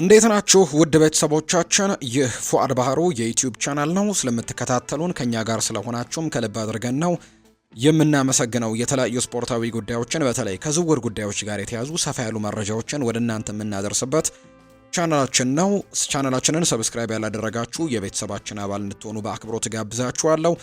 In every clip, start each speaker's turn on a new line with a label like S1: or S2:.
S1: እንዴት ናችሁ ውድ ቤተሰቦቻችን? ይህ ፉአድ ባህሩ የዩትዩብ ቻናል ነው። ስለምትከታተሉን ከእኛ ጋር ስለሆናችሁም ከልብ አድርገን ነው የምናመሰግነው። የተለያዩ ስፖርታዊ ጉዳዮችን በተለይ ከዝውውር ጉዳዮች ጋር የተያዙ ሰፋ ያሉ መረጃዎችን ወደ እናንተ የምናደርስበት ቻናላችን ነው። ቻናላችንን ሰብስክራይብ ያላደረጋችሁ የቤተሰባችን አባል እንድትሆኑ በአክብሮት ጋብዛችኋለሁ።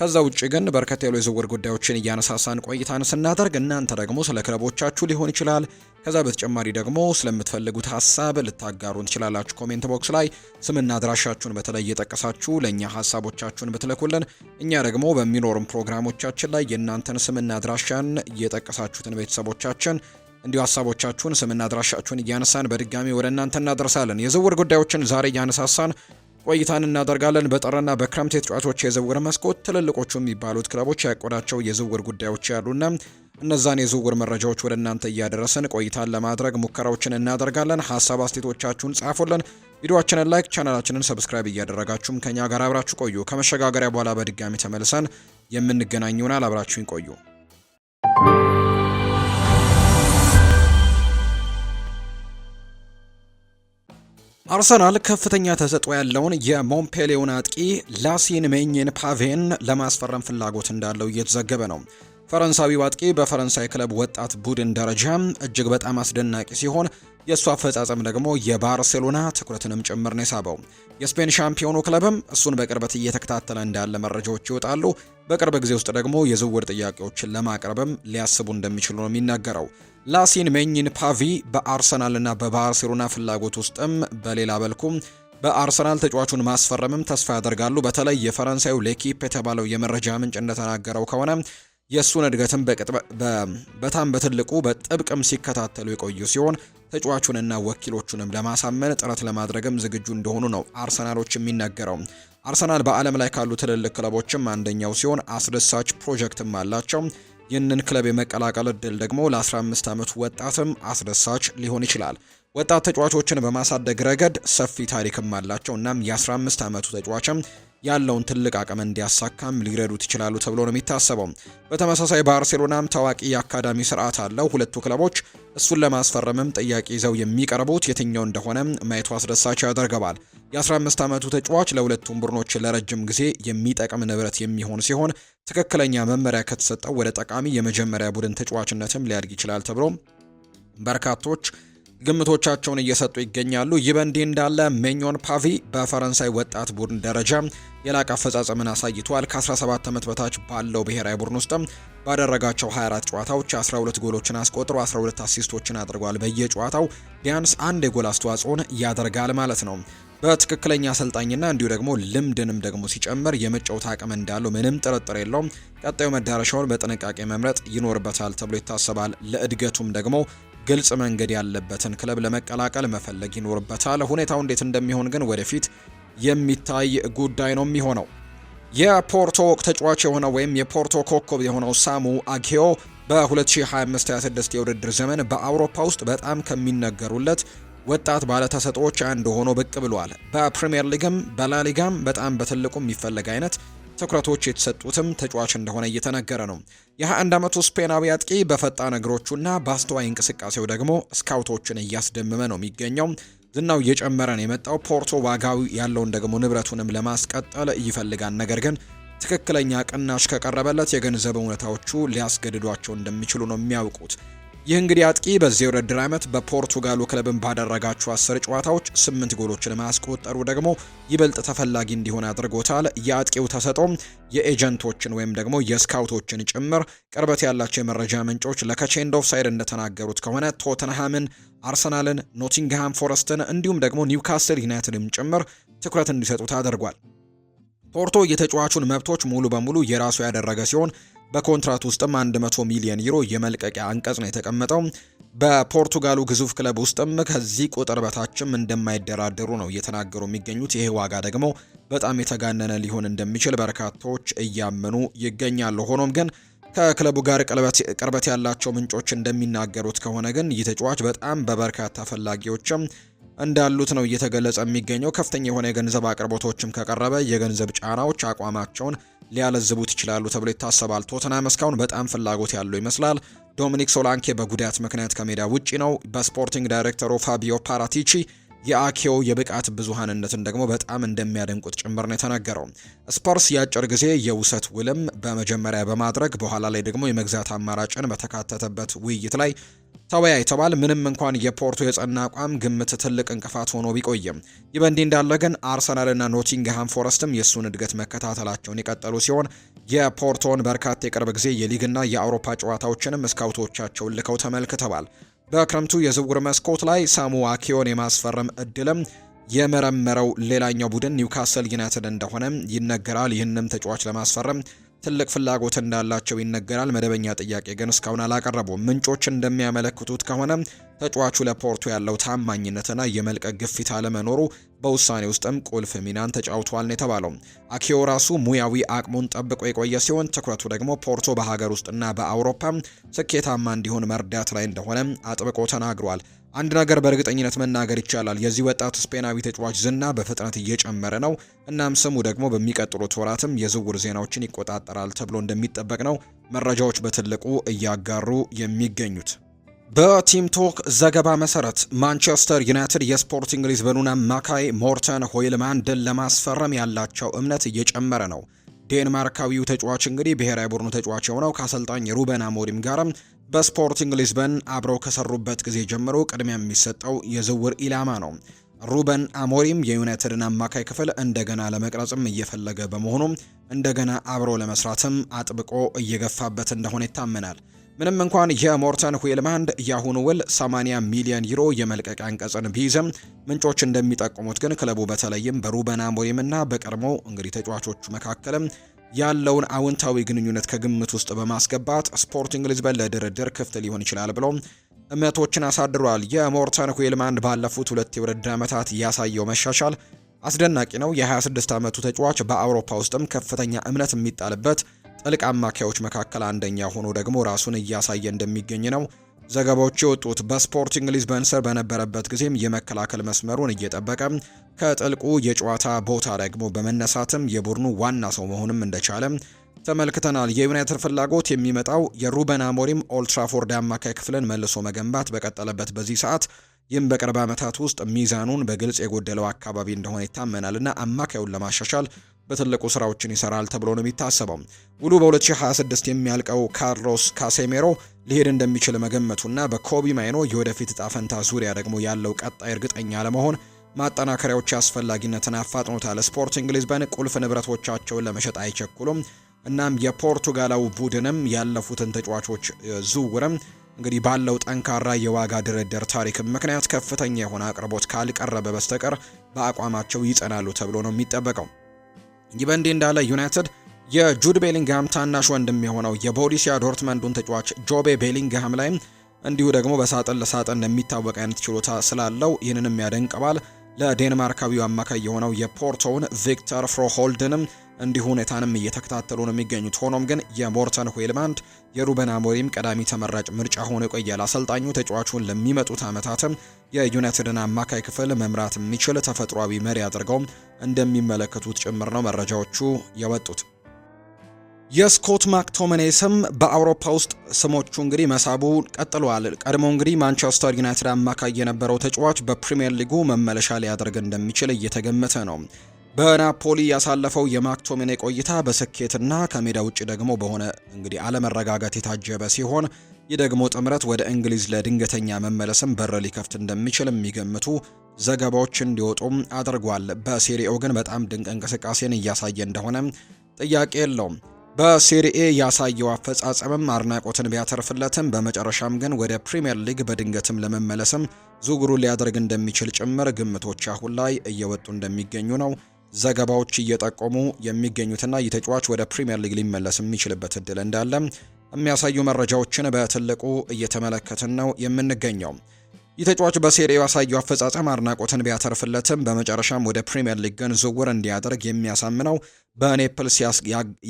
S1: ከዛ ውጭ ግን በርከት ያሉ የዝውውር ጉዳዮችን እያነሳሳን ቆይታን ስናደርግ እናንተ ደግሞ ስለ ክለቦቻችሁ ሊሆን ይችላል ከዛ በተጨማሪ ደግሞ ስለምትፈልጉት ሀሳብ ልታጋሩን ትችላላችሁ። ኮሜንት ቦክስ ላይ ስምና አድራሻችሁን በተለይ የጠቀሳችሁ ለእኛ ሀሳቦቻችሁን ብትልኩልን እኛ ደግሞ በሚኖሩም ፕሮግራሞቻችን ላይ የእናንተን ስምና አድራሻን የጠቀሳችሁትን ቤተሰቦቻችን እንዲሁ ሀሳቦቻችሁን ስምና አድራሻችሁን እያነሳን በድጋሚ ወደ እናንተ እናደርሳለን። የዝውውር ጉዳዮችን ዛሬ እያነሳሳን ቆይታን እናደርጋለን። በጥርና በክረምት የተጫዋቾች የዝውውር መስኮት ትልልቆቹ የሚባሉት ክለቦች ያቆዳቸው የዝውውር ጉዳዮች ያሉና እነዛን የዝውውር መረጃዎች ወደ እናንተ እያደረስን ቆይታን ለማድረግ ሙከራዎችን እናደርጋለን። ሀሳብ አስቴቶቻችሁን ጻፉልን። ቪዲዮችንን ላይክ፣ ቻናላችንን ሰብስክራይብ እያደረጋችሁም ከኛ ጋር አብራችሁ ቆዩ። ከመሸጋገሪያ በኋላ በድጋሚ ተመልሰን የምንገናኝ ይሆናል። አብራችሁን ቆዩ። አርሰናል ከፍተኛ ተሰጥኦ ያለውን የሞምፔሌውን አጥቂ ላሲን ሜኝን ፓቬን ለማስፈረም ፍላጎት እንዳለው እየተዘገበ ነው። ፈረንሳዊው አጥቂ በፈረንሳይ ክለብ ወጣት ቡድን ደረጃ እጅግ በጣም አስደናቂ ሲሆን የእሱ አፈጻጸም ደግሞ የባርሴሎና ትኩረትንም ጭምር ነው የሳበው። የስፔን ሻምፒዮኑ ክለብም እሱን በቅርበት እየተከታተለ እንዳለ መረጃዎች ይወጣሉ። በቅርብ ጊዜ ውስጥ ደግሞ የዝውውር ጥያቄዎችን ለማቅረብም ሊያስቡ እንደሚችሉ ነው የሚናገረው ላሲን ሜኝን ፓቪ በአርሰናልና በባርሴሎና ፍላጎት ውስጥም በሌላ በልኩ በአርሰናል ተጫዋቹን ማስፈረምም ተስፋ ያደርጋሉ። በተለይ የፈረንሳዩ ሌኪፕ የተባለው የመረጃ ምንጭ እንደተናገረው ከሆነ የእሱን እድገትም በጣም በትልቁ በጥብቅም ሲከታተሉ የቆዩ ሲሆን ተጫዋቹንና ወኪሎቹንም ለማሳመን ጥረት ለማድረግም ዝግጁ እንደሆኑ ነው አርሰናሎች የሚነገረው አርሰናል በዓለም ላይ ካሉ ትልልቅ ክለቦችም አንደኛው ሲሆን አስደሳች ፕሮጀክትም አላቸው። ይህንን ክለብ የመቀላቀል እድል ደግሞ ለ15 ዓመቱ ወጣትም አስደሳች ሊሆን ይችላል። ወጣት ተጫዋቾችን በማሳደግ ረገድ ሰፊ ታሪክም አላቸው። እናም የ15 ዓመቱ ተጫዋችም ያለውን ትልቅ አቅም እንዲያሳካም ሊረዱት ይችላሉ ተብሎ ነው የሚታሰበው። በተመሳሳይ ባርሴሎናም ታዋቂ የአካዳሚ ስርዓት አለው። ሁለቱ ክለቦች እሱን ለማስፈረምም ጥያቄ ይዘው የሚቀርቡት የትኛው እንደሆነ ማየቱ አስደሳች ያደርገዋል። የ15 ዓመቱ ተጫዋች ለሁለቱም ቡድኖች ለረጅም ጊዜ የሚጠቅም ንብረት የሚሆን ሲሆን ትክክለኛ መመሪያ ከተሰጠው ወደ ጠቃሚ የመጀመሪያ ቡድን ተጫዋችነትም ሊያድግ ይችላል ተብሎ በርካቶች ግምቶቻቸውን እየሰጡ ይገኛሉ። ይህ በእንዲህ እንዳለ ሜኞን ፓቪ በፈረንሳይ ወጣት ቡድን ደረጃ የላቀ አፈጻጸምን አሳይቷል። ከ17 ዓመት በታች ባለው ብሔራዊ ቡድን ውስጥም ባደረጋቸው 24 ጨዋታዎች 12 ጎሎችን አስቆጥሮ 12 አሲስቶችን አድርጓል። በየጨዋታው ቢያንስ አንድ የጎል አስተዋጽኦን ያደርጋል ማለት ነው። በትክክለኛ አሰልጣኝና እንዲሁ ደግሞ ልምድንም ደግሞ ሲጨምር የመጫወት አቅም እንዳለው ምንም ጥርጥር የለውም። ቀጣዩ መዳረሻውን በጥንቃቄ መምረጥ ይኖርበታል ተብሎ ይታሰባል። ለእድገቱም ደግሞ ግልጽ መንገድ ያለበትን ክለብ ለመቀላቀል መፈለግ ይኖርበታል። ሁኔታው እንዴት እንደሚሆን ግን ወደፊት የሚታይ ጉዳይ ነው የሚሆነው። የፖርቶ ተጫዋች የሆነው ወይም የፖርቶ ኮከብ የሆነው ሳሙ አኪዮ በ2025/26 የውድድር ዘመን በአውሮፓ ውስጥ በጣም ከሚነገሩለት ወጣት ባለተሰጥኦዎች አንዱ ሆኖ ብቅ ብሏል። በፕሪምየር ሊግም በላሊጋም በጣም በትልቁ የሚፈለግ አይነት ትኩረቶች የተሰጡትም ተጫዋች እንደሆነ እየተነገረ ነው። የ21 ዓመቱ ስፔናዊ አጥቂ በፈጣን እግሮቹና በአስተዋይ እንቅስቃሴው ደግሞ ስካውቶችን እያስደመመ ነው የሚገኘው። ዝናው እየጨመረ ነው የመጣው። ፖርቶ ዋጋው ያለውን ደግሞ ንብረቱንም ለማስቀጠል ይፈልጋል። ነገር ግን ትክክለኛ ቅናሽ ከቀረበለት የገንዘብ እውነታዎቹ ሊያስገድዷቸው እንደሚችሉ ነው የሚያውቁት። ይህ እንግዲህ አጥቂ በዚህ የውድድር ዓመት በፖርቱጋሉ ክለብን ባደረጋቸው አስር ጨዋታዎች ስምንት ጎሎችን ማስቆጠሩ ደግሞ ይበልጥ ተፈላጊ እንዲሆን አድርጎታል። የአጥቂው ተሰጥኦም የኤጀንቶችን ወይም ደግሞ የስካውቶችን ጭምር ቅርበት ያላቸው የመረጃ ምንጮች ለከቼንድ ሳይድ እንደተናገሩት ከሆነ ቶተንሃምን፣ አርሰናልን፣ ኖቲንግሃም ፎረስትን እንዲሁም ደግሞ ኒውካስል ዩናይትድም ጭምር ትኩረት እንዲሰጡት አድርጓል። ፖርቶ የተጫዋቹን መብቶች ሙሉ በሙሉ የራሱ ያደረገ ሲሆን በኮንትራት ውስጥም 100 ሚሊዮን ዩሮ የመልቀቂያ አንቀጽ ነው የተቀመጠው። በፖርቱጋሉ ግዙፍ ክለብ ውስጥም ከዚህ ቁጥር በታችም እንደማይደራደሩ ነው እየተናገሩ የሚገኙት። ይህ ዋጋ ደግሞ በጣም የተጋነነ ሊሆን እንደሚችል በርካቶች እያመኑ ይገኛሉ። ሆኖም ግን ከክለቡ ጋር ቅርበት ያላቸው ምንጮች እንደሚናገሩት ከሆነ ግን ይህ ተጫዋች በጣም በበርካታ ፈላጊዎችም እንዳሉት ነው እየተገለጸ የሚገኘው። ከፍተኛ የሆነ የገንዘብ አቅርቦቶችም ከቀረበ የገንዘብ ጫናዎች አቋማቸውን ሊያለዝቡት ይችላሉ ተብሎ ይታሰባል። ቶትናም እስካሁን በጣም ፍላጎት ያለው ይመስላል። ዶሚኒክ ሶላንኬ በጉዳት ምክንያት ከሜዳ ውጪ ነው። በስፖርቲንግ ዳይሬክተሩ ፋቢዮ ፓራቲቺ የአኬው የብቃት ብዙሃንነትን ደግሞ በጣም እንደሚያደንቁት ጭምር ነው የተናገረው። ስፐርስ የአጭር ጊዜ የውሰት ውልም በመጀመሪያ በማድረግ በኋላ ላይ ደግሞ የመግዛት አማራጭን በተካተተበት ውይይት ላይ ተወያይተዋል። ምንም እንኳን የፖርቶ የጸና አቋም ግምት ትልቅ እንቅፋት ሆኖ ቢቆይም፣ ይህ በእንዲህ እንዳለ ግን አርሰናልና ኖቲንግሃም ፎረስትም የእሱን እድገት መከታተላቸውን የቀጠሉ ሲሆን የፖርቶን በርካታ የቅርብ ጊዜ የሊግና የአውሮፓ ጨዋታዎችንም ስካውቶቻቸውን ልከው ተመልክተዋል። በክረምቱ የዝውውር መስኮት ላይ ሳሙ ዋኪዮን የማስፈረም እድልም የመረመረው ሌላኛው ቡድን ኒውካስል ዩናይትድ እንደሆነ ይነገራል። ይህንም ተጫዋች ለማስፈረም ትልቅ ፍላጎት እንዳላቸው ይነገራል። መደበኛ ጥያቄ ግን እስካሁን አላቀረቡም። ምንጮች እንደሚያመለክቱት ከሆነ ተጫዋቹ ለፖርቶ ያለው ታማኝነትና የመልቀቅ ግፊት አለመኖሩ በውሳኔ ውስጥም ቁልፍ ሚናን ተጫውቷል ነው የተባለው። አኪዮ ራሱ ሙያዊ አቅሙን ጠብቆ የቆየ ሲሆን ትኩረቱ ደግሞ ፖርቶ በሀገር ውስጥና በአውሮፓ ስኬታማ እንዲሆን መርዳት ላይ እንደሆነ አጥብቆ ተናግሯል። አንድ ነገር በእርግጠኝነት መናገር ይቻላል። የዚህ ወጣት ስፔናዊ ተጫዋች ዝና በፍጥነት እየጨመረ ነው። እናም ስሙ ደግሞ በሚቀጥሉት ወራትም የዝውውር ዜናዎችን ይቆጣጠራል ተብሎ እንደሚጠበቅ ነው መረጃዎች በትልቁ እያጋሩ የሚገኙት። በቲም ቶክ ዘገባ መሰረት ማንቸስተር ዩናይትድ የስፖርቲንግ ሊዝበኑን አማካይ ሞርተን ሆይልማንድን ለማስፈረም ያላቸው እምነት እየጨመረ ነው። ዴንማርካዊው ተጫዋች እንግዲህ ብሔራዊ ቡድኑ ተጫዋች የሆነው ከአሰልጣኝ ሩበን አሞሪም ጋርም በስፖርቲንግ ሊዝበን አብረው ከሰሩበት ጊዜ ጀምሮ ቅድሚያ የሚሰጠው የዝውውር ኢላማ ነው። ሩበን አሞሪም የዩናይትድን አማካይ ክፍል እንደገና ለመቅረጽም እየፈለገ በመሆኑም እንደገና አብሮ ለመስራትም አጥብቆ እየገፋበት እንደሆነ ይታመናል። ምንም እንኳን የሞርተን ሁልማንድ የአሁኑ ውል 80 ሚሊዮን ዩሮ የመልቀቂያ አንቀጽን ቢይዝም ምንጮች እንደሚጠቁሙት ግን ክለቡ በተለይም በሩበን አሞሪም በቀድሞ እንግዲህ ተጫዋቾቹ መካከልም ያለውን አውንታዊ ግንኙነት ከግምት ውስጥ በማስገባት ስፖርቲንግ ሊዝበን ለድርድር ክፍት ሊሆን ይችላል ብሎ እምነቶችን አሳድሯል። የሞርተን ኩልማንድ ባለፉት ሁለት የውድድር ዓመታት ያሳየው መሻሻል አስደናቂ ነው። የ26 ዓመቱ ተጫዋች በአውሮፓ ውስጥም ከፍተኛ እምነት የሚጣልበት ጥልቅ አማካዮች መካከል አንደኛ ሆኖ ደግሞ ራሱን እያሳየ እንደሚገኝ ነው ዘገባዎች የወጡት በስፖርቲንግ ሊዝበን ስር በነበረበት ጊዜም የመከላከል መስመሩን እየጠበቀ ከጥልቁ የጨዋታ ቦታ ደግሞ በመነሳትም የቡድኑ ዋና ሰው መሆንም እንደቻለ ተመልክተናል። የዩናይትድ ፍላጎት የሚመጣው የሩበን አሞሪም ኦልትራፎርድ አማካይ ክፍልን መልሶ መገንባት በቀጠለበት በዚህ ሰዓት ይህም በቅርብ ዓመታት ውስጥ ሚዛኑን በግልጽ የጎደለው አካባቢ እንደሆነ ይታመናል እና አማካዩን ለማሻሻል በትልቁ ስራዎችን ይሰራል ተብሎ ነው የሚታሰበው። ውሉ በ2026 የሚያልቀው ካርሎስ ካሴሜሮ ሊሄድ እንደሚችል መገመቱና በኮቢ ማይኖ የወደፊት እጣ ፈንታ ዙሪያ ደግሞ ያለው ቀጣይ እርግጠኛ ለመሆን ማጠናከሪያዎች አስፈላጊነትን አፋጥኖታል። ስፖርቲንግ ሊዝበን ቁልፍ ንብረቶቻቸውን ለመሸጥ አይቸኩሉም። እናም የፖርቱጋላው ቡድንም ያለፉትን ተጫዋቾች ዝውውርም እንግዲህ ባለው ጠንካራ የዋጋ ድርድር ታሪክ ምክንያት ከፍተኛ የሆነ አቅርቦት ካልቀረበ በስተቀር በአቋማቸው ይጸናሉ ተብሎ ነው የሚጠበቀው። ይህ በእንዲህ እንዳለ ዩናይትድ የጁድ ቤሊንግሃም ታናሽ ወንድም የሆነው የቦሩሲያ ዶርትመንዱን ተጫዋች ጆቤ ቤሊንግሃም ላይም እንዲሁ ደግሞ በሳጥን ለሳጥን የሚታወቅ አይነት ችሎታ ስላለው ይህንንም ያደንቀዋል። ለዴንማርካዊው አማካይ የሆነው የፖርቶውን ቪክተር ፍሮሆልድንም እንዲሁ ሁኔታንም እየተከታተሉ ነው የሚገኙት። ሆኖም ግን የሞርተን ሆይልማንድ የሩበን አሞሪም ቀዳሚ ተመራጭ ምርጫ ሆኖ ይቆያል። አሰልጣኙ ተጫዋቹን ለሚመጡት ዓመታትም የዩናይትድን አማካይ ክፍል መምራት የሚችል ተፈጥሯዊ መሪ አድርገው እንደሚመለከቱት ጭምር ነው መረጃዎቹ የወጡት። የስኮት ማክቶመኔ ስም በአውሮፓ ውስጥ ስሞቹ እንግዲህ መሳቡ ቀጥሏል። ቀድሞ እንግዲህ ማንቸስተር ዩናይትድ አማካይ የነበረው ተጫዋች በፕሪምየር ሊጉ መመለሻ ሊያደርግ እንደሚችል እየተገመተ ነው። በናፖሊ ያሳለፈው የማክቶሜኔ ቆይታ በስኬትና ከሜዳ ውጭ ደግሞ በሆነ እንግዲህ አለመረጋጋት የታጀበ ሲሆን ይህ ደግሞ ጥምረት ወደ እንግሊዝ ለድንገተኛ መመለስም በር ሊከፍት እንደሚችል የሚገምቱ ዘገባዎች እንዲወጡም አድርጓል። በሴሪኦ ግን በጣም ድንቅ እንቅስቃሴን እያሳየ እንደሆነ ጥያቄ የለውም። በሴሪኤ ያሳየው አፈጻጸምም አድናቆትን ቢያተርፍለትም በመጨረሻም ግን ወደ ፕሪምየር ሊግ በድንገትም ለመመለስም ዝውውሩ ሊያደርግ እንደሚችል ጭምር ግምቶች አሁን ላይ እየወጡ እንደሚገኙ ነው ዘገባዎች እየጠቆሙ የሚገኙትና ይህ ተጫዋች ወደ ፕሪምየር ሊግ ሊመለስ የሚችልበት እድል እንዳለ የሚያሳዩ መረጃዎችን በትልቁ እየተመለከትን ነው የምንገኘው። ተጫዋች በሴሪው ያሳየው አፈጻጸም አድናቆትን ቢያተርፍለትም በመጨረሻም ወደ ፕሪምየር ሊግ ግን ዝውውር እንዲያደርግ የሚያሳምነው በኔፕልስ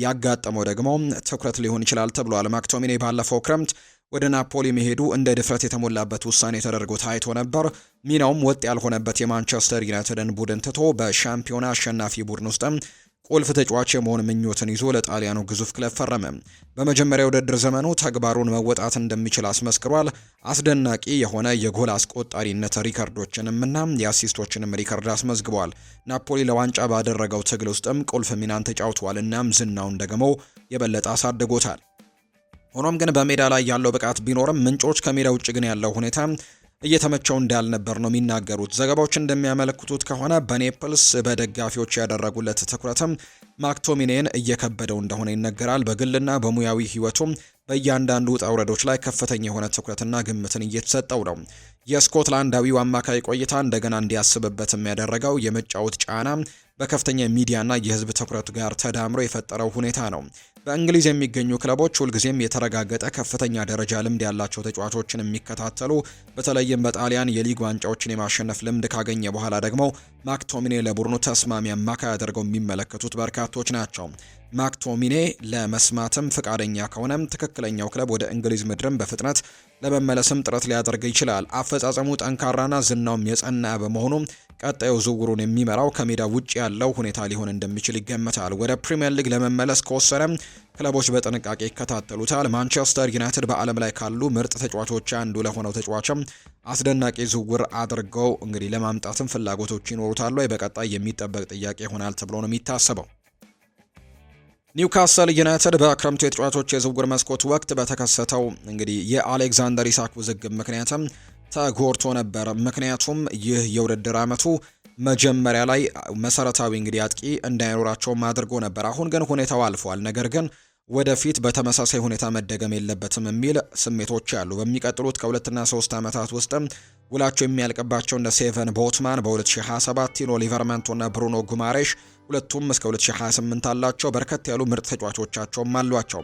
S1: ያጋጠመው ደግሞ ትኩረት ሊሆን ይችላል ተብሏል። ማክቶሚኔ ባለፈው ክረምት ወደ ናፖሊ መሄዱ እንደ ድፍረት የተሞላበት ውሳኔ ተደርጎ ታይቶ ነበር። ሚናውም ወጥ ያልሆነበት የማንቸስተር ዩናይትድን ቡድን ትቶ በሻምፒዮና አሸናፊ ቡድን ውስጥም ቁልፍ ተጫዋች የመሆን ምኞትን ይዞ ለጣሊያኑ ግዙፍ ክለብ ፈረመ። በመጀመሪያ ውድድር ዘመኑ ተግባሩን መወጣት እንደሚችል አስመስክሯል። አስደናቂ የሆነ የጎል አስቆጣሪነት ሪከርዶችንም እና የአሲስቶችንም ሪከርድ አስመዝግቧል። ናፖሊ ለዋንጫ ባደረገው ትግል ውስጥም ቁልፍ ሚናን ተጫውቷል። እናም ዝናውን ደግሞ የበለጠ አሳድጎታል። ሆኖም ግን በሜዳ ላይ ያለው ብቃት ቢኖርም ምንጮች ከሜዳ ውጭ ግን ያለው ሁኔታ እየተመቸው እንዳልነበር ነው የሚናገሩት። ዘገባዎች እንደሚያመለክቱት ከሆነ በኔፕልስ በደጋፊዎች ያደረጉለት ትኩረትም ማክቶሚኔን እየከበደው እንደሆነ ይነገራል። በግልና በሙያዊ ህይወቱም በእያንዳንዱ ውጣ ውረዶች ላይ ከፍተኛ የሆነ ትኩረትና ግምትን እየተሰጠው ነው። የስኮትላንዳዊው አማካይ ቆይታ እንደገና እንዲያስብበት የሚያደረገው የመጫወት ጫና በከፍተኛ ሚዲያና የህዝብ ትኩረት ጋር ተዳምሮ የፈጠረው ሁኔታ ነው። በእንግሊዝ የሚገኙ ክለቦች ሁልጊዜም የተረጋገጠ ከፍተኛ ደረጃ ልምድ ያላቸው ተጫዋቾችን የሚከታተሉ በተለይም በጣሊያን የሊግ ዋንጫዎችን የማሸነፍ ልምድ ካገኘ በኋላ ደግሞ ማክቶሚኔ ለቡድኑ ተስማሚ አማካይ አድርገው የሚመለከቱት በርካቶች ናቸው። ማክቶሚኔ ለመስማትም ፈቃደኛ ከሆነም ትክክለኛው ክለብ ወደ እንግሊዝ ምድርም በፍጥነት ለመመለስም ጥረት ሊያደርግ ይችላል። አፈጻጸሙ ጠንካራና ዝናውም የጸና በመሆኑ ቀጣዩ ዝውውሩን የሚመራው ከሜዳ ውጭ ያለው ሁኔታ ሊሆን እንደሚችል ይገመታል። ወደ ፕሪምየር ሊግ ለመመለስ ከወሰነ ክለቦች በጥንቃቄ ይከታተሉታል። ማንቸስተር ዩናይትድ በዓለም ላይ ካሉ ምርጥ ተጫዋቾች አንዱ ለሆነው ተጫዋችም አስደናቂ ዝውውር አድርገው እንግዲህ ለማምጣትም ፍላጎቶች ይኖሩታሉ። በቀጣይ የሚጠበቅ ጥያቄ ይሆናል ተብሎ ነው የሚታሰበው። ኒውካስል ዩናይትድ በክረምቱ የተጫዋቾች የዝውውር መስኮት ወቅት በተከሰተው እንግዲህ የአሌክዛንደር ኢሳክ ውዝግብ ምክንያትም ተጎድቶ ነበር። ምክንያቱም ይህ የውድድር አመቱ መጀመሪያ ላይ መሰረታዊ እንግዲህ አጥቂ እንዳይኖራቸውም አድርጎ ነበር። አሁን ግን ሁኔታው አልፏል። ነገር ግን ወደፊት በተመሳሳይ ሁኔታ መደገም የለበትም የሚል ስሜቶች አሉ። በሚቀጥሉት ከሁለትና ሶስት ዓመታት ውስጥም ውላቸው የሚያልቅባቸው እንደ ሴቨን ቦትማን በ2027 ቲኖ ሊቨርመንቶና ብሩኖ ጉማሬሽ ሁለቱም እስከ 2028 አላቸው። በርከት ያሉ ምርጥ ተጫዋቾቻቸውም አሏቸው።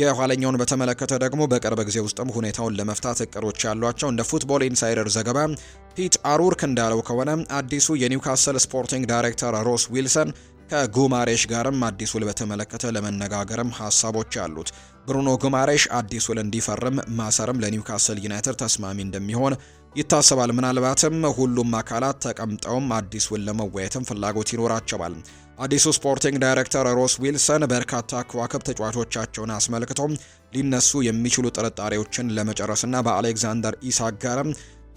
S1: የኋለኛውን በተመለከተ ደግሞ በቅርብ ጊዜ ውስጥም ሁኔታውን ለመፍታት እቅዶች ያሏቸው እንደ ፉትቦል ኢንሳይደር ዘገባ ፒት አሩርክ እንዳለው ከሆነ አዲሱ የኒውካስል ስፖርቲንግ ዳይሬክተር ሮስ ዊልሰን ከጉማሬሽ ጋርም አዲስ ውል በተመለከተ ለመነጋገርም ሀሳቦች አሉት። ብሩኖ ጉማሬሽ አዲስ ውል እንዲፈርም ማሰርም ለኒውካስል ዩናይትድ ተስማሚ እንደሚሆን ይታሰባል። ምናልባትም ሁሉም አካላት ተቀምጠውም አዲስ ውል ለመወያየትም ፍላጎት ይኖራቸዋል። አዲሱ ስፖርቲንግ ዳይሬክተር ሮስ ዊልሰን በርካታ ከዋክብ ተጫዋቾቻቸውን አስመልክቶ ሊነሱ የሚችሉ ጥርጣሬዎችን ለመጨረስና በአሌክዛንደር ኢሳክ ጋርም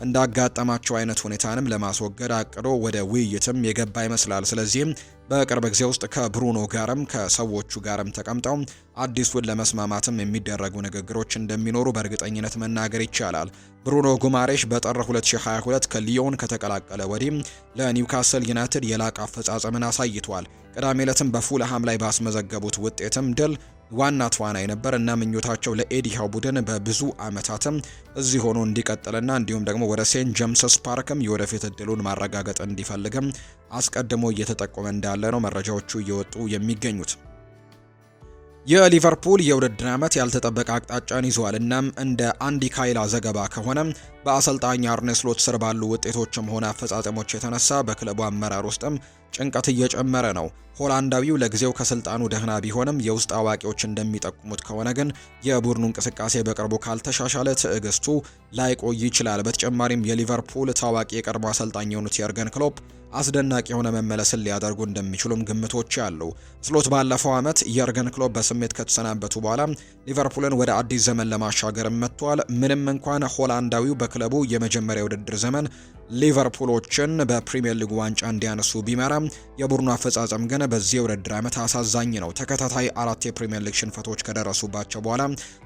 S1: እንዳጋጠማቸው አይነት ሁኔታንም ለማስወገድ አቅዶ ወደ ውይይትም የገባ ይመስላል። ስለዚህም በቅርብ ጊዜ ውስጥ ከብሩኖ ጋርም ከሰዎቹ ጋርም ተቀምጠው አዲሱን ለመስማማትም የሚደረጉ ንግግሮች እንደሚኖሩ በእርግጠኝነት መናገር ይቻላል። ብሩኖ ጉማሬሽ በጥር 2022 ከሊዮን ከተቀላቀለ ወዲህ ለኒውካስል ዩናይትድ የላቀ አፈጻጸምን አሳይቷል። ቅዳሜ ዕለትም በፉልሃም ላይ ባስመዘገቡት ውጤትም ድል ዋና ተዋናይ ነበር እና ምኞታቸው ለኤዲሃው ቡድን በብዙ ዓመታትም እዚህ ሆኖ እንዲቀጥልና እንዲሁም ደግሞ ወደ ሴንት ጀምስስ ፓርክም የወደፊት እድሉን ማረጋገጥ እንዲፈልግም አስቀድሞ እየተጠቆመ እንዳለ ነው መረጃዎቹ እየወጡ የሚገኙት። የሊቨርፑል የውድድር ዓመት ያልተጠበቀ አቅጣጫን ይዟል። እናም እንደ አንዲ ካይላ ዘገባ ከሆነ በአሰልጣኝ አርኔ ስሎት ስር ባሉ ውጤቶችም ሆነ አፈጻጸሞች የተነሳ በክለቡ አመራር ውስጥም ጭንቀት እየጨመረ ነው። ሆላንዳዊው ለጊዜው ከስልጣኑ ደህና ቢሆንም የውስጥ አዋቂዎች እንደሚጠቁሙት ከሆነ ግን የቡድኑ እንቅስቃሴ በቅርቡ ካልተሻሻለ ትዕግስቱ ላይቆይ ይችላል። በተጨማሪም የሊቨርፑል ታዋቂ የቀድሞ አሰልጣኝ የሆኑት የርገን ክሎፕ አስደናቂ የሆነ መመለስን ሊያደርጉ እንደሚችሉም ግምቶች አሉ። ስሎት ባለፈው ዓመት የርገን ክሎብ በስሜት ከተሰናበቱ በኋላ ሊቨርፑልን ወደ አዲስ ዘመን ለማሻገርም መጥቷል። ምንም እንኳን ሆላንዳዊው በክለቡ የመጀመሪያ ውድድር ዘመን ሊቨርፑሎችን በፕሪምየር ሊግ ዋንጫ እንዲያነሱ ቢመራም የቡድኑ አፈጻጸም ግን በዚህ የውድድር ዓመት አሳዛኝ ነው። ተከታታይ አራት የፕሪምየር ሊግ ሽንፈቶች ከደረሱባቸው በኋላ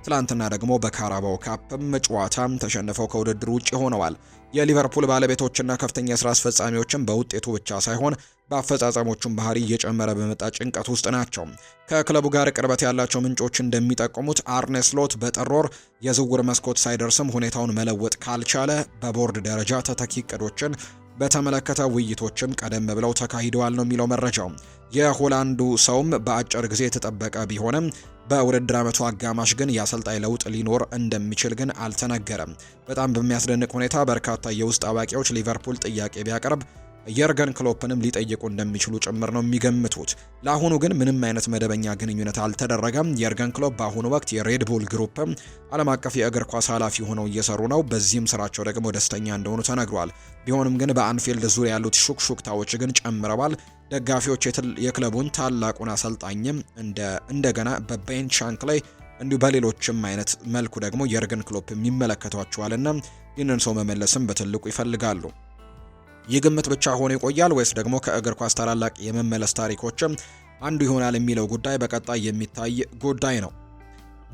S1: ትላንትና ደግሞ በካራባው ካፕም ጨዋታ ተሸንፈው ከውድድር ውጭ ሆነዋል። የሊቨርፑል ባለቤቶችና ከፍተኛ ስራ አስፈጻሚዎችም በውጤቱ ብቻ ሳይሆን በአፈጻጸሞቹም ባህሪ እየጨመረ በመጣ ጭንቀት ውስጥ ናቸው። ከክለቡ ጋር ቅርበት ያላቸው ምንጮች እንደሚጠቁሙት አርነ ስሎት በጥር የዝውውር መስኮት ሳይደርስም ሁኔታውን መለወጥ ካልቻለ በቦርድ ደረጃ ተተኪ እቅዶችን በተመለከተ ውይይቶችም ቀደም ብለው ተካሂደዋል ነው የሚለው መረጃው። የሆላንዱ ሰውም በአጭር ጊዜ የተጠበቀ ቢሆንም በውድድር ዓመቱ አጋማሽ ግን የአሰልጣኝ ለውጥ ሊኖር እንደሚችል ግን አልተነገረም። በጣም በሚያስደንቅ ሁኔታ በርካታ የውስጥ አዋቂዎች ሊቨርፑል ጥያቄ ቢያቀርብ የርገን ክሎፕንም ሊጠይቁ እንደሚችሉ ጭምር ነው የሚገምቱት። ለአሁኑ ግን ምንም አይነት መደበኛ ግንኙነት አልተደረገም። የርገን ክሎፕ በአሁኑ ወቅት የሬድቡል ግሩፕ ዓለም አቀፍ የእግር ኳስ ኃላፊ ሆነው እየሰሩ ነው። በዚህም ስራቸው ደግሞ ደስተኛ እንደሆኑ ተነግሯል። ቢሆንም ግን በአንፊልድ ዙሪያ ያሉት ሹክሹክታዎች ግን ጨምረዋል። ደጋፊዎች የክለቡን ታላቁን አሰልጣኝም እንደገና በቤንቻንክ ላይ እንዲሁ በሌሎችም አይነት መልኩ ደግሞ የርገን ክሎፕ የሚመለከቷቸዋልና ይህንን ሰው መመለስም በትልቁ ይፈልጋሉ። ይህ ግምት ብቻ ሆኖ ይቆያል ወይስ ደግሞ ከእግር ኳስ ታላላቅ የመመለስ ታሪኮችም አንዱ ይሆናል የሚለው ጉዳይ በቀጣይ የሚታይ ጉዳይ ነው።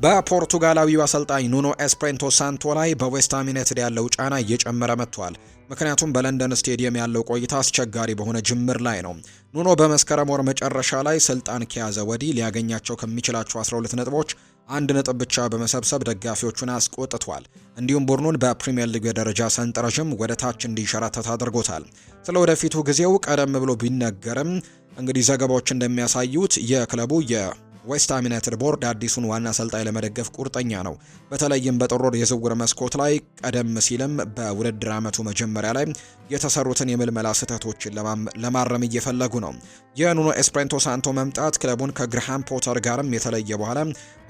S1: በፖርቱጋላዊው አሰልጣኝ ኑኖ ኤስፕሬንቶ ሳንቶ ላይ በዌስትሃም ዩናይትድ ያለው ጫና እየጨመረ መጥቷል። ምክንያቱም በለንደን ስቴዲየም ያለው ቆይታ አስቸጋሪ በሆነ ጅምር ላይ ነው። ኑኖ በመስከረም ወር መጨረሻ ላይ ስልጣን ከያዘ ወዲህ ሊያገኛቸው ከሚችላቸው 12 ነጥቦች አንድ ነጥብ ብቻ በመሰብሰብ ደጋፊዎቹን አስቆጥቷል። እንዲሁም ቡድኑን በፕሪምየር ሊግ የደረጃ ሰንጠረዥም ወደ ታች እንዲንሸራተት አድርጎታል። ስለ ወደፊቱ ጊዜው ቀደም ብሎ ቢነገርም እንግዲህ ዘገባዎች እንደሚያሳዩት የክለቡ የዌስትሃም ዩናይትድ ቦርድ አዲሱን ዋና አሰልጣኝ ለመደገፍ ቁርጠኛ ነው። በተለይም በጥሮር የዝውውር መስኮት ላይ ቀደም ሲልም በውድድር ዓመቱ መጀመሪያ ላይ የተሰሩትን የምልመላ ስህተቶችን ለማረም እየፈለጉ ነው። የኑኖ ኤስፕሬንቶ ሳንቶ መምጣት ክለቡን ከግርሃም ፖተር ጋርም የተለየ በኋላ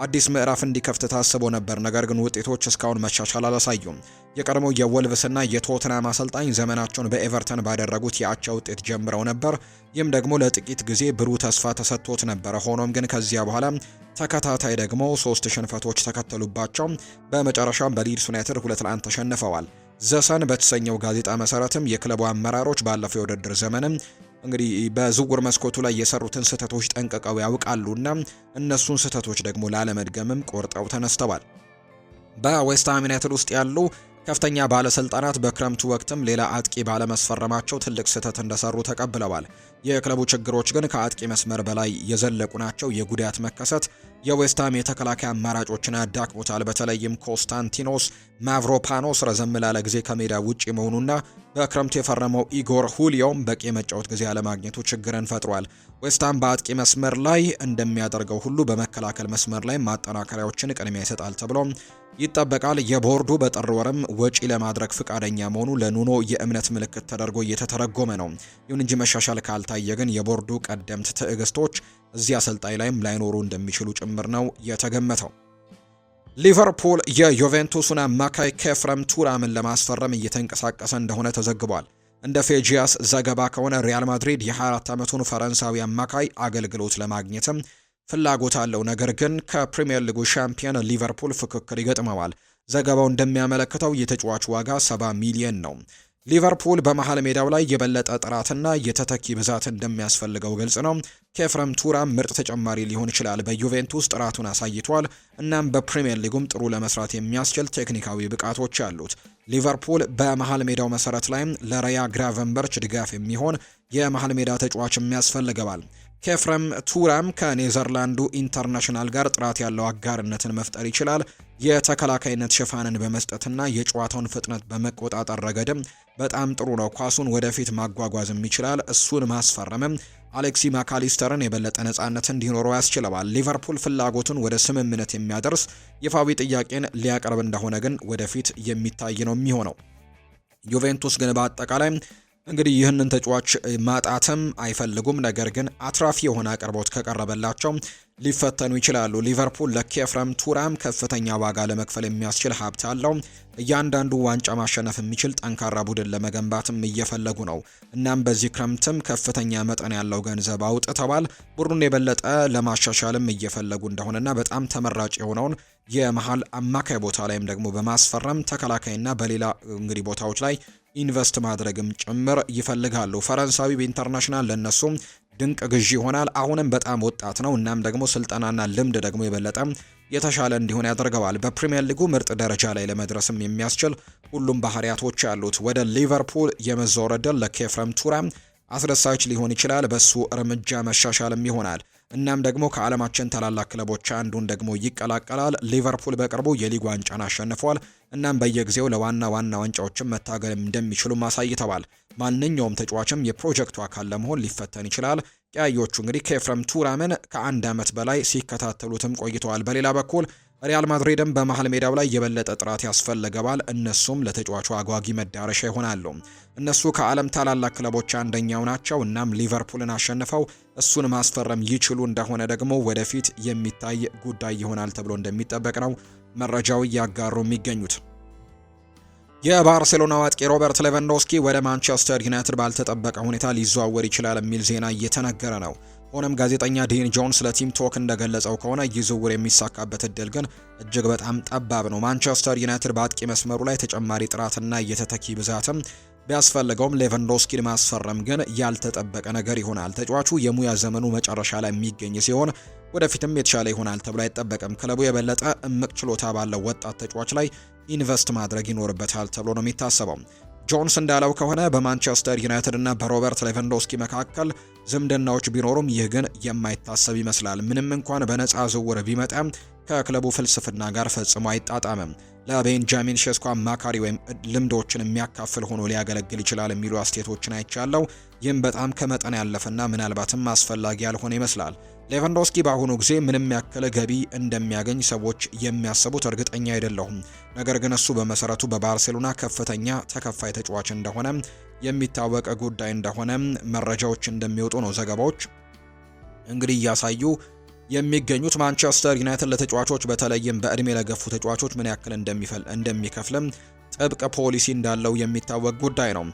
S1: አዲስ ምዕራፍ እንዲከፍት ታስቦ ነበር። ነገር ግን ውጤቶች እስካሁን መሻሻል አላሳዩም። የቀድሞው የወልቭስና የቶትናም አሰልጣኝ ዘመናቸውን በኤቨርተን ባደረጉት የአቻ ውጤት ጀምረው ነበር። ይህም ደግሞ ለጥቂት ጊዜ ብሩህ ተስፋ ተሰጥቶት ነበረ። ሆኖም ግን ከዚያ በኋላ ተከታታይ ደግሞ ሶስት ሽንፈቶች ተከተሉባቸው። በመጨረሻም በሊድስ ዩናይትድ ሁለት ለአንድ ተሸንፈዋል። ዘሰን በተሰኘው ጋዜጣ መሰረትም የክለቡ አመራሮች ባለፈው የውድድር ዘመንም እንግዲህ በዝውውር መስኮቱ ላይ የሰሩትን ስህተቶች ጠንቅቀው ያውቃሉና እነሱን ስህተቶች ደግሞ ላለመድገምም ቆርጠው ተነስተዋል። በዌስትሃም ዩናይትድ ውስጥ ያሉ ከፍተኛ ባለስልጣናት በክረምቱ ወቅትም ሌላ አጥቂ ባለመስፈረማቸው ትልቅ ስህተት እንደሰሩ ተቀብለዋል። የክለቡ ችግሮች ግን ከአጥቂ መስመር በላይ የዘለቁ ናቸው። የጉዳት መከሰት የዌስትሃም የተከላካይ አማራጮችን አዳክሞታል። በተለይም ኮንስታንቲኖስ ማቭሮፓኖስ ረዘም ላለ ጊዜ ከሜዳ ውጪ መሆኑና በክረምቱ የፈረመው ኢጎር ሁሊዮም በቂ የመጫወት ጊዜ አለማግኘቱ ችግርን ፈጥሯል። ዌስትሃም በአጥቂ መስመር ላይ እንደሚያደርገው ሁሉ በመከላከል መስመር ላይ ማጠናከሪያዎችን ቅድሚያ ይሰጣል ተብሎ ይጠበቃል። የቦርዱ በጥር ወርም ወጪ ለማድረግ ፍቃደኛ መሆኑ ለኑኖ የእምነት ምልክት ተደርጎ እየተተረጎመ ነው። ይሁን እንጂ መሻሻል ካልታየ ግን የቦርዱ ቀደምት ትዕግስቶች እዚህ አሰልጣኝ ላይም ላይኖሩ እንደሚችሉ ጭምር ነው የተገመተው። ሊቨርፑል የዩቬንቱሱን አማካይ ከፍረም ቱራምን ለማስፈረም እየተንቀሳቀሰ እንደሆነ ተዘግቧል። እንደ ፌጂያስ ዘገባ ከሆነ ሪያል ማድሪድ የ24 ዓመቱን ፈረንሳዊ አማካይ አገልግሎት ለማግኘትም ፍላጎት አለው። ነገር ግን ከፕሪምየር ሊጉ ሻምፒየን ሊቨርፑል ፍክክር ይገጥመዋል። ዘገባው እንደሚያመለክተው የተጫዋች ዋጋ 70 ሚሊየን ነው። ሊቨርፑል በመሃል ሜዳው ላይ የበለጠ ጥራትና የተተኪ ብዛት እንደሚያስፈልገው ግልጽ ነው። ኬፍረም ቱራም ምርጥ ተጨማሪ ሊሆን ይችላል። በዩቬንቱስ ጥራቱን አሳይቷል፣ እናም በፕሪምየር ሊጉም ጥሩ ለመስራት የሚያስችል ቴክኒካዊ ብቃቶች አሉት። ሊቨርፑል በመሀል ሜዳው መሰረት ላይ ለሪያ ግራቨንበርች ድጋፍ የሚሆን የመሀል ሜዳ ተጫዋችም ያስፈልገዋል። ከፍረም ቱራም ከኔዘርላንዱ ኢንተርናሽናል ጋር ጥራት ያለው አጋርነትን መፍጠር ይችላል። የተከላካይነት ሽፋንን በመስጠትና የጨዋታውን ፍጥነት በመቆጣጠር ረገድም በጣም ጥሩ ነው። ኳሱን ወደፊት ማጓጓዝም ይችላል። እሱን ማስፈረምም አሌክሲ ማካሊስተርን የበለጠ ነጻነት እንዲኖረው ያስችለዋል። ሊቨርፑል ፍላጎቱን ወደ ስምምነት የሚያደርስ ይፋዊ ጥያቄን ሊያቀርብ እንደሆነ ግን ወደፊት የሚታይ ነው የሚሆነው። ዩቬንቱስ ግን በአጠቃላይ እንግዲህ ይህንን ተጫዋች ማጣትም አይፈልጉም። ነገር ግን አትራፊ የሆነ አቅርቦት ከቀረበላቸው ሊፈተኑ ይችላሉ። ሊቨርፑል ለኬፍረም ቱራም ከፍተኛ ዋጋ ለመክፈል የሚያስችል ሀብት አለው። እያንዳንዱ ዋንጫ ማሸነፍ የሚችል ጠንካራ ቡድን ለመገንባትም እየፈለጉ ነው። እናም በዚህ ክረምትም ከፍተኛ መጠን ያለው ገንዘብ አውጥተዋል። ቡድኑን የበለጠ ለማሻሻልም እየፈለጉ እንደሆነና በጣም ተመራጭ የሆነውን የመሀል አማካይ ቦታ ላይም ደግሞ በማስፈረም ተከላካይና በሌላ እንግዲህ ቦታዎች ላይ ኢንቨስት ማድረግም ጭምር ይፈልጋሉ። ፈረንሳዊ ኢንተርናሽናል ለእነሱም ድንቅ ግዢ ይሆናል። አሁንም በጣም ወጣት ነው። እናም ደግሞ ስልጠናና ልምድ ደግሞ የበለጠ የተሻለ እንዲሆን ያደርገዋል። በፕሪምየር ሊጉ ምርጥ ደረጃ ላይ ለመድረስም የሚያስችል ሁሉም ባህሪያቶች አሉት። ወደ ሊቨርፑል የመዘወር ለኬፍረም ቱራም አስደሳች ሊሆን ይችላል። በሱ እርምጃ መሻሻልም ይሆናል። እናም ደግሞ ከዓለማችን ታላላቅ ክለቦች አንዱን ደግሞ ይቀላቀላል። ሊቨርፑል በቅርቡ የሊግ ዋንጫን አሸንፏል። እናም በየጊዜው ለዋና ዋና ዋንጫዎችም መታገል እንደሚችሉ አሳይተዋል። ማንኛውም ተጫዋችም የፕሮጀክቱ አካል ለመሆን ሊፈተን ይችላል። ቀያዮቹ እንግዲህ ከኤፍረም ቱራምን ከአንድ ዓመት በላይ ሲከታተሉትም ቆይተዋል። በሌላ በኩል ሪያል ማድሪድም በመሀል ሜዳው ላይ የበለጠ ጥራት ያስፈልገዋል። እነሱም ለተጫዋቹ አጓጊ መዳረሻ ይሆናሉ። እነሱ ከዓለም ታላላቅ ክለቦች አንደኛው ናቸው። እናም ሊቨርፑልን አሸንፈው እሱን ማስፈረም ይችሉ እንደሆነ ደግሞ ወደፊት የሚታይ ጉዳይ ይሆናል ተብሎ እንደሚጠበቅ ነው መረጃው እያጋሩ የሚገኙት። የባርሴሎና አጥቂ ሮበርት ሌቫንዶስኪ ወደ ማንቸስተር ዩናይትድ ባልተጠበቀ ሁኔታ ሊዘዋወር ይችላል የሚል ዜና እየተነገረ ነው። ሆነም ጋዜጠኛ ዲን ጆንስ ለቲም ቶክ እንደገለጸው ከሆነ ይህ ዝውውር የሚሳካበት እድል ግን እጅግ በጣም ጠባብ ነው። ማንቸስተር ዩናይትድ በአጥቂ መስመሩ ላይ ተጨማሪ ጥራትና የተተኪ ብዛትም ቢያስፈልገውም ሌቫንዶስኪን ማስፈረም ግን ያልተጠበቀ ነገር ይሆናል። ተጫዋቹ የሙያ ዘመኑ መጨረሻ ላይ የሚገኝ ሲሆን ወደፊትም የተሻለ ይሆናል ተብሎ አይጠበቅም። ክለቡ የበለጠ እምቅ ችሎታ ባለው ወጣት ተጫዋች ላይ ኢንቨስት ማድረግ ይኖርበታል ተብሎ ነው የሚታሰበው። ጆንስ እንዳለው ከሆነ በማንቸስተር ዩናይትድ እና በሮበርት ሌቫንዶስኪ መካከል ዝምድናዎች ቢኖሩም ይህ ግን የማይታሰብ ይመስላል። ምንም እንኳን በነፃ ዝውውር ቢመጣም ከክለቡ ፍልስፍና ጋር ፈጽሞ አይጣጣምም። ለቤንጃሚን ሼስኮ አማካሪ ወይም ልምዶችን የሚያካፍል ሆኖ ሊያገለግል ይችላል የሚሉ አስተያየቶችን አይቻለው። ይህም በጣም ከመጠን ያለፈና ምናልባትም አስፈላጊ ያልሆነ ይመስላል። ሌቫንዶስኪ በአሁኑ ጊዜ ምንም ያክል ገቢ እንደሚያገኝ ሰዎች የሚያስቡት እርግጠኛ አይደለሁም። ነገር ግን እሱ በመሰረቱ በባርሴሎና ከፍተኛ ተከፋይ ተጫዋች እንደሆነ የሚታወቅ ጉዳይ እንደሆነ መረጃዎች እንደሚወጡ ነው ዘገባዎች እንግዲህ እያሳዩ የሚገኙት ማንቸስተር ዩናይትድ ለተጫዋቾች በተለይም በእድሜ ለገፉ ተጫዋቾች ምን ያክል እንደሚከፍልም ጥብቅ ፖሊሲ እንዳለው የሚታወቅ ጉዳይ ነው።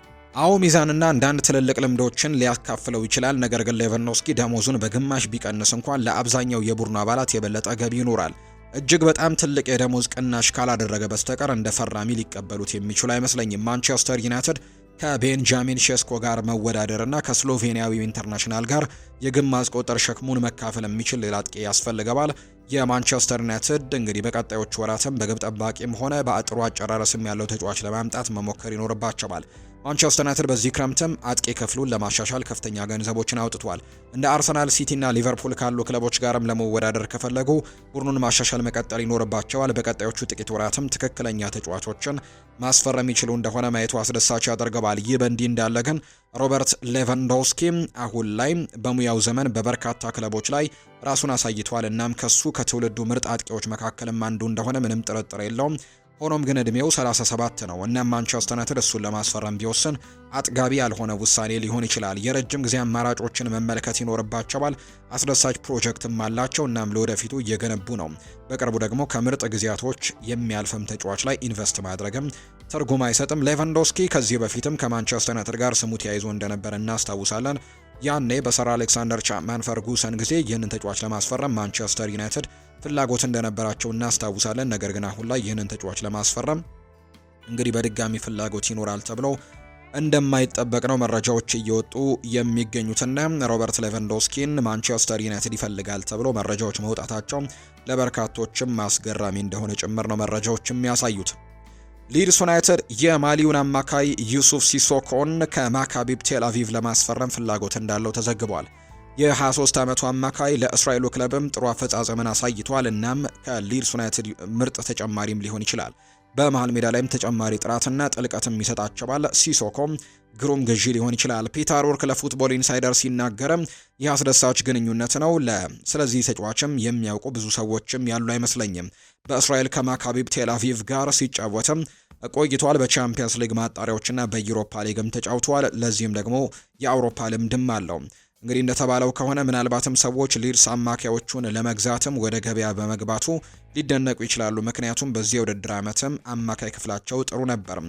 S1: አዎ ሚዛንና አንዳንድ ትልልቅ ልምዶችን ሊያካፍለው ይችላል። ነገር ግን ሌቫንዶስኪ ደሞዙን በግማሽ ቢቀንስ እንኳን ለአብዛኛው የቡድኑ አባላት የበለጠ ገቢ ይኖራል። እጅግ በጣም ትልቅ የደሞዝ ቅናሽ ካላደረገ በስተቀር እንደ ፈራሚ ሊቀበሉት የሚችሉ አይመስለኝም። ማንቸስተር ዩናይትድ ከቤንጃሚን ሼስኮ ጋር መወዳደርና ከስሎቬኒያዊው ኢንተርናሽናል ጋር የግብ ማስቆጠር ሸክሙን መካፈል የሚችል ሌላ አጥቂ ያስፈልገዋል። የማንቸስተር ዩናይትድ እንግዲህ በቀጣዮቹ ወራትም በግብ ጠባቂም ሆነ በአጥሩ አጨራረስም ያለው ተጫዋች ለማምጣት መሞከር ይኖርባቸዋል። ማንቸስተር ዩናይትድ በዚህ ክረምትም አጥቂ ክፍሉን ለማሻሻል ከፍተኛ ገንዘቦችን አውጥቷል። እንደ አርሰናል፣ ሲቲና ሊቨርፑል ካሉ ክለቦች ጋርም ለመወዳደር ከፈለጉ ቡድኑን ማሻሻል መቀጠል ይኖርባቸዋል። በቀጣዮቹ ጥቂት ወራትም ትክክለኛ ተጫዋቾችን ማስፈረም ይችሉ እንደሆነ ማየቱ አስደሳች ያደርገዋል። ይህ በእንዲህ እንዳለ ግን ሮበርት ሌቫንዶስኪ አሁን ላይ በሙያው ዘመን በበርካታ ክለቦች ላይ ራሱን አሳይቷል። እናም ከሱ ከትውልዱ ምርጥ አጥቂዎች መካከልም አንዱ እንደሆነ ምንም ጥርጥር የለውም። ሆኖም ግን እድሜው 37 ነው። እናም ማንቸስተር ዩናይትድ እሱን ለማስፈረም ቢወስን አጥጋቢ ያልሆነ ውሳኔ ሊሆን ይችላል። የረጅም ጊዜ አማራጮችን መመልከት ይኖርባቸዋል። አስደሳች ፕሮጀክትም አላቸው፣ እናም ለወደፊቱ እየገነቡ ነው። በቅርቡ ደግሞ ከምርጥ ጊዜያቶች የሚያልፍም ተጫዋች ላይ ኢንቨስት ማድረግም ትርጉም አይሰጥም። ሌቫንዶስኪ ከዚህ በፊትም ከማንቸስተር ዩናይትድ ጋር ስሙ ተያይዞ እንደነበረ እናስታውሳለን። ያኔ በሰር አሌክሳንደር ቻፕማን ፈርጉሰን ጊዜ ይህንን ተጫዋች ለማስፈረም ማንቸስተር ዩናይትድ ፍላጎት እንደነበራቸው እናስታውሳለን። ነገር ግን አሁን ላይ ይህንን ተጫዋች ለማስፈረም እንግዲህ በድጋሚ ፍላጎት ይኖራል ተብሎ እንደማይጠበቅ ነው መረጃዎች እየወጡ የሚገኙትና ሮበርት ሌቫንዶስኪን ማንቸስተር ዩናይትድ ይፈልጋል ተብሎ መረጃዎች መውጣታቸው ለበርካቶችም አስገራሚ እንደሆነ ጭምር ነው መረጃዎች የሚያሳዩት። ሊድስ ዩናይትድ የማሊውን አማካይ ዩሱፍ ሲሶኮን ከማካቢብ ቴልአቪቭ ለማስፈረም ፍላጎት እንዳለው ተዘግቧል። የ23 ዓመቱ አማካይ ለእስራኤሉ ክለብም ጥሩ አፈጻጸምን አሳይቷል። እናም ከሊድስ ዩናይትድ ምርጥ ተጨማሪም ሊሆን ይችላል። በመሃል ሜዳ ላይም ተጨማሪ ጥራትና ጥልቀትም ይሰጣቸዋል። ሲሶኮም ግሩም ግዢ ሊሆን ይችላል። ፒተር ወርክ ለፉትቦል ኢንሳይደር ሲናገርም ይህ አስደሳች ግንኙነት ነው። ስለዚህ ተጫዋችም የሚያውቁ ብዙ ሰዎችም ያሉ አይመስለኝም። በእስራኤል ከማካቢብ ቴልአቪቭ ጋር ሲጫወትም ቆይቷል። በቻምፒየንስ ሊግ ማጣሪያዎችና በዩሮፓ ሊግም ተጫውተዋል። ለዚህም ደግሞ የአውሮፓ ልምድም አለው። እንግዲህ እንደተባለው ከሆነ ምናልባትም ሰዎች ሊድስ አማካዮቹን ለመግዛትም ወደ ገበያ በመግባቱ ሊደነቁ ይችላሉ። ምክንያቱም በዚህ የውድድር ዓመትም አማካይ ክፍላቸው ጥሩ ነበር።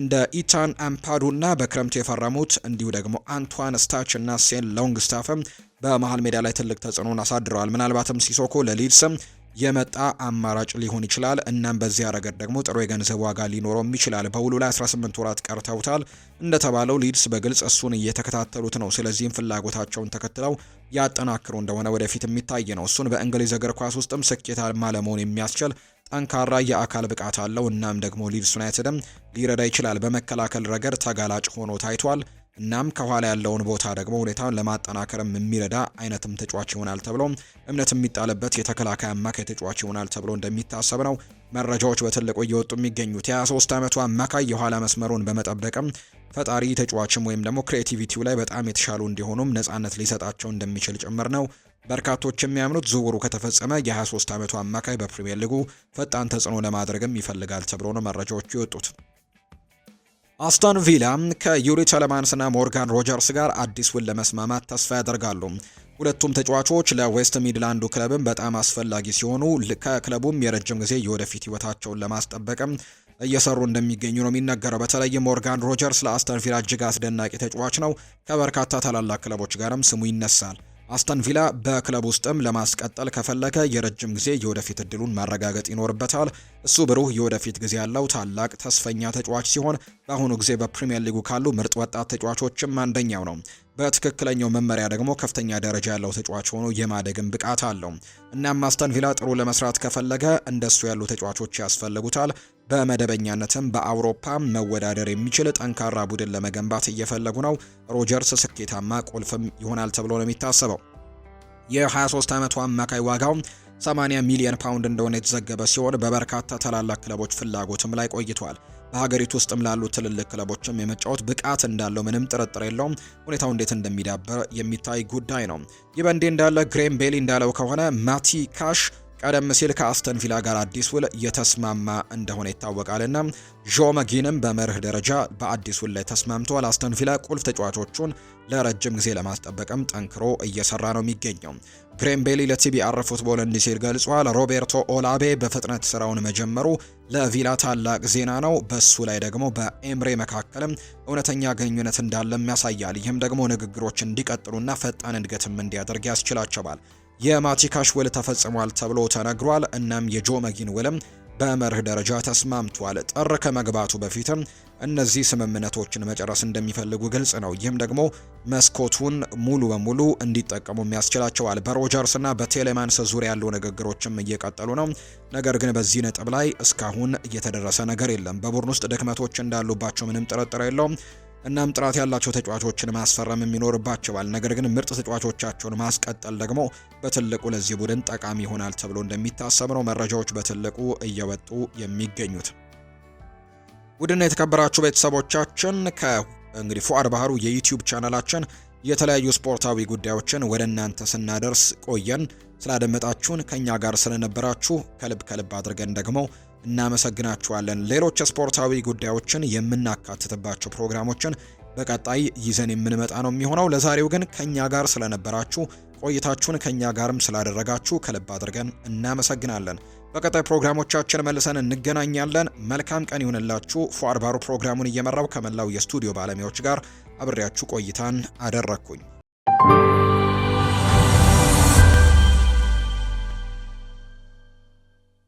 S1: እንደ ኢታን አምፓዱና በክረምቱ የፈረሙት እንዲሁ ደግሞ አንቷን ስታች እና ሴን ሎንግ ስታፍም በመሀል ሜዳ ላይ ትልቅ ተጽዕኖን አሳድረዋል። ምናልባትም ሲሶኮ ለሊድስም የመጣ አማራጭ ሊሆን ይችላል። እናም በዚያ ረገድ ደግሞ ጥሩ የገንዘብ ዋጋ ሊኖረውም ይችላል። በውሉ ላይ 18 ወራት ቀርተውታል። እንደተባለው ሊድስ በግልጽ እሱን እየተከታተሉት ነው። ስለዚህም ፍላጎታቸውን ተከትለው ያጠናክሩ እንደሆነ ወደፊት የሚታይ ነው። እሱን በእንግሊዝ እግር ኳስ ውስጥም ስኬታማ ለመሆን የሚያስችል ጠንካራ የአካል ብቃት አለው። እናም ደግሞ ሊድስ ዩናይትድም ሊረዳ ይችላል። በመከላከል ረገድ ተጋላጭ ሆኖ ታይቷል። እናም ከኋላ ያለውን ቦታ ደግሞ ሁኔታውን ለማጠናከርም የሚረዳ አይነትም ተጫዋች ይሆናል ተብሎ እምነት የሚጣልበት የተከላካይ አማካይ ተጫዋች ይሆናል ተብሎ እንደሚታሰብ ነው መረጃዎች በትልቁ እየወጡ የሚገኙት። የ23 ዓመቱ አማካይ የኋላ መስመሩን በመጠበቅም ፈጣሪ ተጫዋችም ወይም ደግሞ ክሬቲቪቲው ላይ በጣም የተሻሉ እንዲሆኑም ነጻነት ሊሰጣቸው እንደሚችል ጭምር ነው በርካቶች የሚያምኑት ዝውውሩ ከተፈጸመ የ23 ዓመቱ አማካይ በፕሪምየር ሊጉ ፈጣን ተጽዕኖ ለማድረግም ይፈልጋል ተብሎ ነው መረጃዎቹ የወጡት። አስቶን ቪላ ከዩሪ ተለማንስና ሞርጋን ሮጀርስ ጋር አዲስ ውል ለመስማማት ተስፋ ያደርጋሉ። ሁለቱም ተጫዋቾች ለዌስት ሚድላንዱ ክለብም በጣም አስፈላጊ ሲሆኑ ከክለቡም የረጅም ጊዜ የወደፊት ህይወታቸውን ለማስጠበቅም እየሰሩ እንደሚገኙ ነው የሚነገረው። በተለይም ሞርጋን ሮጀርስ ለአስተን ቪላ እጅግ አስደናቂ ተጫዋች ነው። ከበርካታ ታላላቅ ክለቦች ጋርም ስሙ ይነሳል። አስተን ቪላ በክለብ ውስጥም ለማስቀጠል ከፈለገ የረጅም ጊዜ የወደፊት እድሉን ማረጋገጥ ይኖርበታል። እሱ ብሩህ የወደፊት ጊዜ ያለው ታላቅ ተስፈኛ ተጫዋች ሲሆን በአሁኑ ጊዜ በፕሪምየር ሊጉ ካሉ ምርጥ ወጣት ተጫዋቾችም አንደኛው ነው። በትክክለኛው መመሪያ ደግሞ ከፍተኛ ደረጃ ያለው ተጫዋች ሆኖ የማደግን ብቃት አለው። እናም አስተን ቪላ ጥሩ ለመስራት ከፈለገ እንደሱ ያሉ ተጫዋቾች ያስፈልጉታል። በመደበኛነትም በአውሮፓ መወዳደር የሚችል ጠንካራ ቡድን ለመገንባት እየፈለጉ ነው። ሮጀርስ ስኬታማ ቁልፍም ይሆናል ተብሎ ነው የሚታሰበው። የ23 ዓመቱ አማካይ ዋጋው 80 ሚሊዮን ፓውንድ እንደሆነ የተዘገበ ሲሆን በበርካታ ታላላቅ ክለቦች ፍላጎትም ላይ ቆይቷል። በሀገሪቱ ውስጥም ላሉ ትልልቅ ክለቦችም የመጫወት ብቃት እንዳለው ምንም ጥርጥር የለውም። ሁኔታው እንዴት እንደሚዳበር የሚታይ ጉዳይ ነው። ይህ በእንዲህ እንዳለ ግሬም ቤሊ እንዳለው ከሆነ ማቲ ካሽ ቀደም ሲል ከአስተን ቪላ ጋር አዲስ ውል የተስማማ እንደሆነ ይታወቃልና ዦ መጊንም በመርህ ደረጃ በአዲስ ውል ላይ ተስማምተዋል። አስተን ቪላ ቁልፍ ተጫዋቾቹን ለረጅም ጊዜ ለማስጠበቅም ጠንክሮ እየሰራ ነው የሚገኘው። ግሬም ቤሊ ለቲቢአር ፉትቦል እንዲህ ሲል ገልጿል። ሮቤርቶ ኦላቤ በፍጥነት ስራውን መጀመሩ ለቪላ ታላቅ ዜና ነው። በሱ ላይ ደግሞ በኤምሬ መካከልም እውነተኛ ግንኙነት እንዳለም ያሳያል። ይህም ደግሞ ንግግሮች እንዲቀጥሉና ፈጣን እድገትም እንዲያደርግ ያስችላቸዋል። የማቲካሽ ውል ተፈጽሟል ተብሎ ተነግሯል። እናም የጆ መጊን ውልም በመርህ ደረጃ ተስማምቷል። ጥር ከመግባቱ በፊትም እነዚህ ስምምነቶችን መጨረስ እንደሚፈልጉ ግልጽ ነው። ይህም ደግሞ መስኮቱን ሙሉ በሙሉ እንዲጠቀሙ ያስችላቸዋል። እና በቴሌማንስ ዙሪያ ያሉ ንግግሮችም እየቀጠሉ ነው። ነገር ግን በዚህ ነጥብ ላይ እስካሁን እየተደረሰ ነገር የለም። በቡድን ውስጥ ድክመቶች እንዳሉባቸው ምንም ጥርጥር የለውም። እናም ጥራት ያላቸው ተጫዋቾችን ማስፈረም ይኖርባቸዋል። ነገር ግን ምርጥ ተጫዋቾቻቸውን ማስቀጠል ደግሞ በትልቁ ለዚህ ቡድን ጠቃሚ ይሆናል ተብሎ እንደሚታሰብ ነው መረጃዎች በትልቁ እየወጡ የሚገኙት። ውድና የተከበራችሁ ቤተሰቦቻችን ከእንግዲህ ፉአድ ባህሩ የዩቲዩብ ቻናላችን የተለያዩ ስፖርታዊ ጉዳዮችን ወደ እናንተ ስናደርስ ቆየን። ስላደመጣችሁን ከእኛ ጋር ስለነበራችሁ ከልብ ከልብ አድርገን ደግሞ እናመሰግናችኋለን። ሌሎች ስፖርታዊ ጉዳዮችን የምናካትትባቸው ፕሮግራሞችን በቀጣይ ይዘን የምንመጣ ነው የሚሆነው። ለዛሬው ግን ከእኛ ጋር ስለነበራችሁ ቆይታችሁን ከእኛ ጋርም ስላደረጋችሁ ከልብ አድርገን እናመሰግናለን። በቀጣይ ፕሮግራሞቻችን መልሰን እንገናኛለን። መልካም ቀን ይሁንላችሁ። ፏአድባሩ ፕሮግራሙን እየመራው ከመላው የስቱዲዮ ባለሙያዎች ጋር አብሬያችሁ ቆይታን አደረግኩኝ።